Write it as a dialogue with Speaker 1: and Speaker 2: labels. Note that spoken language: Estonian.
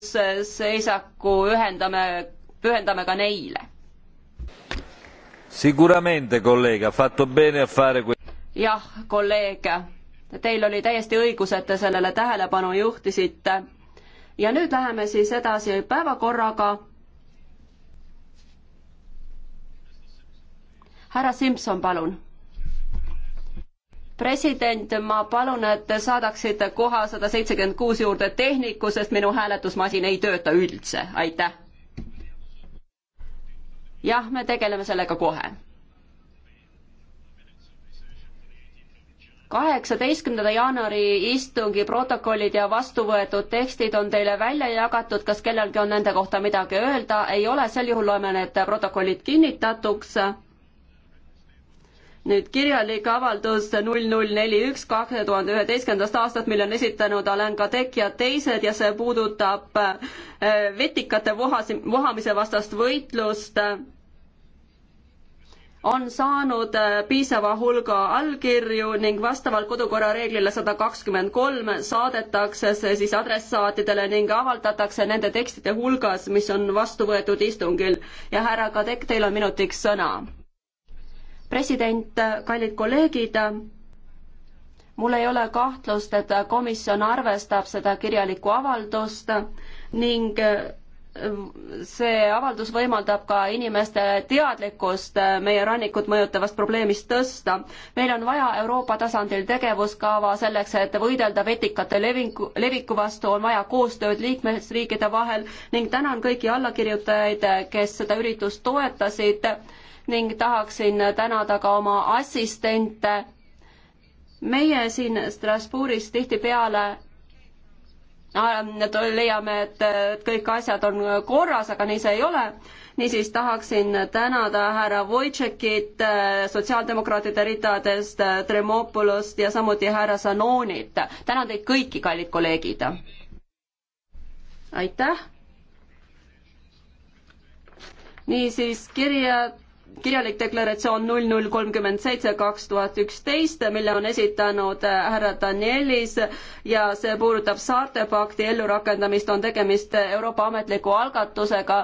Speaker 1: seisaku ühendame, pühendame ka neile. jah, kolleeg, teil oli täiesti õigus, et te sellele tähelepanu juhtisite. ja nüüd läheme siis edasi päevakorraga. härra Simson, palun president, ma palun, et te saadaksite koha sada seitsekümmend kuus juurde tehniku, sest minu hääletusmasin ei tööta üldse, aitäh. jah, me tegeleme sellega kohe. kaheksateistkümnenda jaanuari istungi protokollid ja vastuvõetud tekstid on teile välja jagatud, kas kellelgi on nende kohta midagi öelda, ei ole, sel juhul loeme need protokollid kinnitatuks nüüd kirjalik avaldus null null neli üks kahe tuhande üheteistkümnendast aastast, mille on esitanud Alain Kadek ja teised ja see puudutab äh, vetikate vohasi, vohamise vastast võitlust, on saanud äh, piisava hulga allkirju ning vastavalt kodukorra reeglile sada kakskümmend kolm saadetakse see siis adressaatidele ning avaldatakse nende tekstide hulgas, mis on vastu võetud istungil. ja härra Kadek, teil on minutiks sõna president, kallid kolleegid, mul ei ole kahtlust, et komisjon arvestab seda kirjalikku avaldust ning see avaldus võimaldab ka inimeste teadlikkust meie rannikut mõjutavast probleemist tõsta. meil on vaja Euroopa tasandil tegevuskava selleks, et võidelda vetikate levingu, leviku vastu, on vaja koostööd liikmesriikide vahel ning tänan kõiki allakirjutajaid, kes seda üritust toetasid ning tahaksin tänada ka oma assistente. meie siin Strasbourgis tihtipeale äh, leiame, et kõik asjad on korras, aga nii see ei ole. niisiis tahaksin tänada härra Wojtšekit, äh, sotsiaaldemokraatide ridadest, äh, Tremopolost ja samuti härra Sanonit. tänan teid kõiki, kallid kolleegid. aitäh. niisiis kirjad kirjalik deklaratsioon null null kolmkümmend seitse kaks tuhat üksteist, mille on esitanud äh, härra Danielis ja see puudutab saarte pakti ellurakendamist, on tegemist Euroopa ametliku algatusega